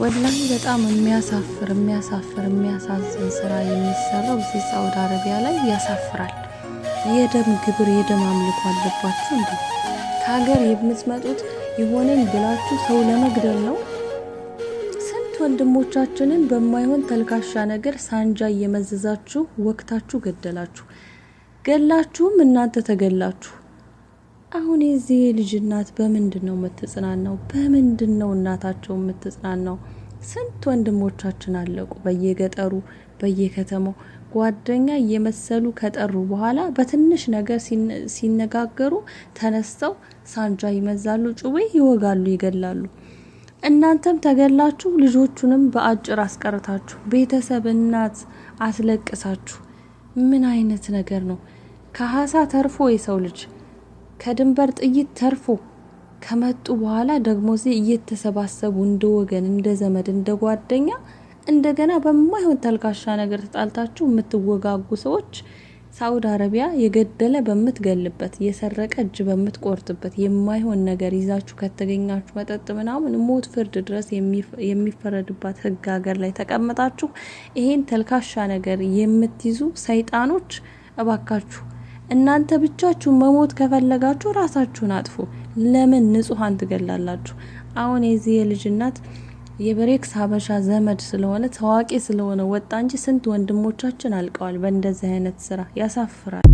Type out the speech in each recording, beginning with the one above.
ወላሂ በጣም የሚያሳፍር የሚያሳፍር የሚያሳዝን ስራ የሚሰራው እዚህ ሳውዲ አረቢያ ላይ ያሳፍራል። የደም ግብር የደም አምልኮ አለባችሁ እንዴ? ከሀገር የምትመጡት የሆነን ብላችሁ ሰው ለመግደል ነው። ስንት ወንድሞቻችንን በማይሆን ተልካሻ ነገር ሳንጃ እየመዘዛችሁ ወቅታችሁ ገደላችሁ። ገላችሁም እናንተ ተገላችሁ። አሁን የዚህ ልጅ እናት በምንድን ነው የምትጽናናው? በምንድን ነው እናታቸው የምትጽናናው? ስንት ወንድሞቻችን አለቁ በየገጠሩ በየከተማው ጓደኛ እየመሰሉ ከጠሩ በኋላ በትንሽ ነገር ሲነጋገሩ ተነስተው ሳንጃ ይመዛሉ፣ ጩቤ ይወጋሉ፣ ይገላሉ። እናንተም ተገላችሁ ልጆቹንም በአጭር አስቀርታችሁ ቤተሰብ እናት አስለቅሳችሁ ምን አይነት ነገር ነው? ከሀሳ ተርፎ የሰው ልጅ ከድንበር ጥይት ተርፎ ከመጡ በኋላ ደግሞ እዚህ እየተሰባሰቡ እንደ ወገን፣ እንደ ዘመድ፣ እንደ ጓደኛ እንደገና በማይሆን ተልካሻ ነገር ተጣልታችሁ የምትወጋጉ ሰዎች ሳውዲ አረቢያ የገደለ በምትገልበት የሰረቀ እጅ በምትቆርጥበት የማይሆን ነገር ይዛችሁ ከተገኛችሁ መጠጥ ምናምን ሞት ፍርድ ድረስ የሚፈረድባት ሕግ ሀገር ላይ ተቀምጣችሁ ይሄን ተልካሻ ነገር የምትይዙ ሰይጣኖች እባካችሁ እናንተ ብቻችሁን መሞት ከፈለጋችሁ ራሳችሁን አጥፉ። ለምን ንጹሐን ትገላላችሁ? አሁን የዚህ የልጅ እናት የብሬክስ ሀበሻ ዘመድ ስለሆነ ታዋቂ ስለሆነ ወጣ እንጂ ስንት ወንድሞቻችን አልቀዋል በእንደዚህ አይነት ስራ። ያሳፍራል።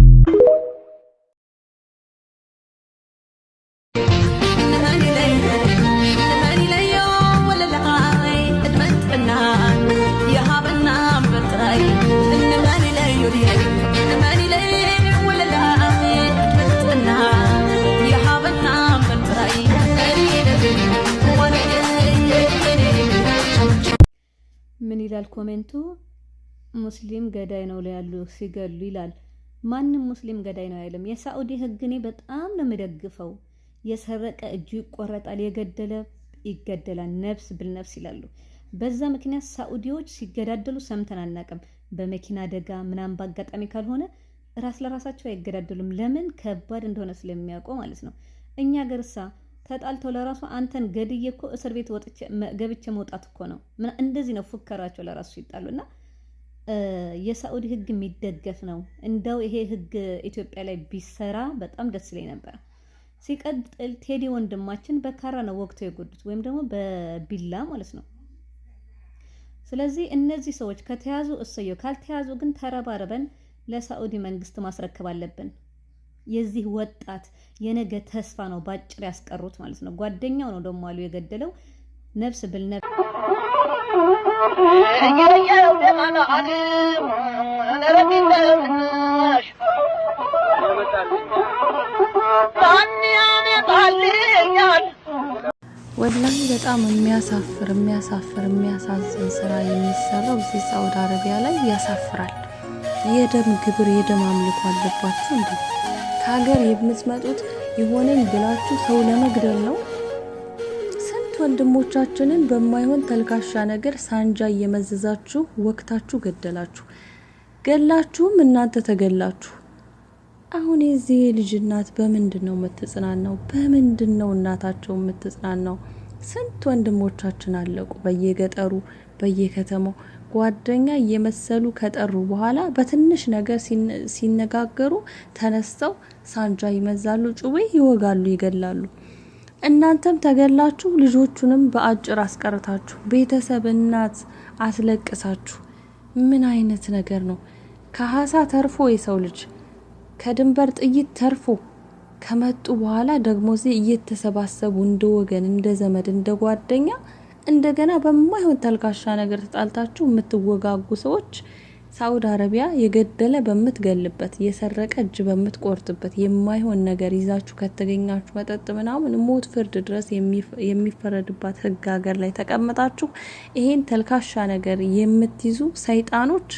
ይላል ኮሜንቱ። ሙስሊም ገዳይ ነው ያሉ ሲገሉ ይላል። ማንም ሙስሊም ገዳይ ነው አይልም። የሳዑዲ ህግ እኔ በጣም ነው የምደግፈው። የሰረቀ እጁ ይቆረጣል፣ የገደለ ይገደላል፣ ነፍስ ብልነፍስ ይላሉ። በዛ ምክንያት ሳዑዲዎች ሲገዳደሉ ሰምተን አናቅም። በመኪና አደጋ ምናምን በአጋጣሚ ካልሆነ ራስ ለራሳቸው አይገዳደሉም። ለምን ከባድ እንደሆነ ስለሚያውቀው ማለት ነው። እኛ ገርሳ ተጣልተው ለራሱ አንተን ገድዬ እኮ እስር ቤት ወጥቼ ገብቼ መውጣት እኮ ነው። እንደዚህ ነው ፉከራቸው ለራሱ ይጣሉ እና የሳኡዲ ህግ የሚደገፍ ነው። እንደው ይሄ ህግ ኢትዮጵያ ላይ ቢሰራ በጣም ደስ ይለኝ ነበር። ሲቀጥል ቴዲ ወንድማችን በካራ ነው ወቅቱ የጎዱት ወይም ደግሞ በቢላ ማለት ነው። ስለዚህ እነዚህ ሰዎች ከተያዙ እሰየው፣ ካልተያዙ ግን ተረባረበን ለሳኡዲ መንግስት ማስረከብ አለብን። የዚህ ወጣት የነገ ተስፋ ነው ባጭር ያስቀሩት ማለት ነው። ጓደኛው ነው ደሞ አሉ የገደለው ነፍስ ብልነፍስ ወላሂ በጣም የሚያሳፍር የሚያሳፍር የሚያሳዝን ስራ የሚሰራው እዚህ ሳውዲ አረቢያ ላይ ያሳፍራል። የደም ግብር የደም አምልኮ አለባቸው እንዴ? ከሀገር የምትመጡት የሆነኝ ብላችሁ ሰው ለመግደል ነው? ስንት ወንድሞቻችንን በማይሆን ተልካሻ ነገር ሳንጃ እየመዘዛችሁ ወቅታችሁ ገደላችሁ። ገላችሁም እናንተ ተገላችሁ። አሁን የዚህ ልጅ እናት በምንድን ነው የምትጽናናው? በምንድን ነው እናታቸው የምትጽናናው? ስንት ወንድሞቻችን አለቁ በየገጠሩ በየከተማው ጓደኛ እየመሰሉ ከጠሩ በኋላ በትንሽ ነገር ሲነጋገሩ ተነስተው ሳንጃ ይመዛሉ፣ ጩቤ ይወጋሉ፣ ይገላሉ። እናንተም ተገላችሁ ልጆቹንም በአጭር አስቀርታችሁ ቤተሰብ እናት አስለቅሳችሁ። ምን አይነት ነገር ነው? ከሀሳ ተርፎ የሰው ልጅ ከድንበር ጥይት ተርፎ ከመጡ በኋላ ደግሞ እዚህ እየተሰባሰቡ እንደ ወገን፣ እንደ ዘመድ፣ እንደ ጓደኛ እንደገና በማይሆን ተልካሻ ነገር ተጣልታችሁ የምትወጋጉ ሰዎች ሳውዲ አረቢያ የገደለ በምትገልበት የሰረቀ እጅ በምትቆርጥበት የማይሆን ነገር ይዛችሁ ከተገኛችሁ መጠጥ ምናምን ሞት ፍርድ ድረስ የሚፈረድባት ሕግ ሀገር ላይ ተቀምጣችሁ ይሄን ተልካሻ ነገር የምትይዙ ሰይጣኖች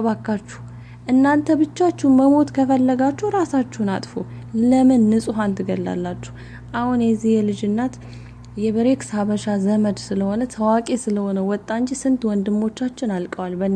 እባካችሁ እናንተ ብቻችሁ መሞት ከፈለጋችሁ ራሳችሁን አጥፉ። ለምን ንጹሐን ትገላላችሁ? አሁን የዚህ የልጅ እናት የብሬክስ ሀበሻ ዘመድ ስለሆነ ታዋቂ ስለሆነ ወጣ እንጂ ስንት ወንድሞቻችን አልቀዋል።